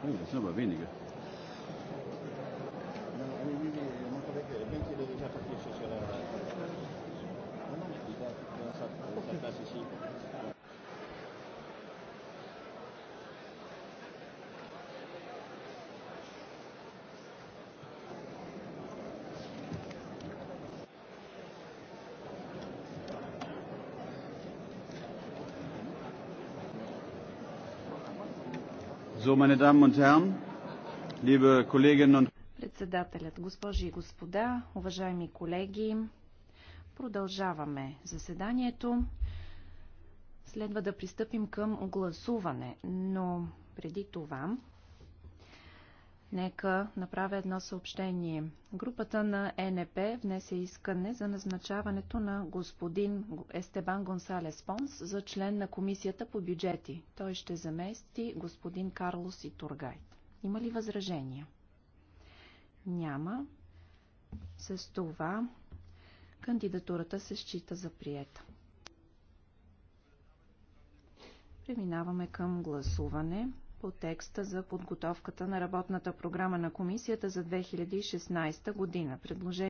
Das sind aber wenige. So, meine Damen und Herren, liebe Kolleginnen und Председателят, госпожи и господа, уважаеми колеги, продължаваме заседанието. Следва да пристъпим към гласуване, но преди това Нека направя едно съобщение. Групата на е НП внесе искане за назначаването на господин Естебан Гонсалес Понс за член на Комисията по бюджети. Той ще замести господин Карлос Итургай. Има ли възражения? Няма. С това кандидатурата се счита за приета. Преминаваме към гласуване по текста за подготовката на работната програма на комисията за 2016 година. Предложение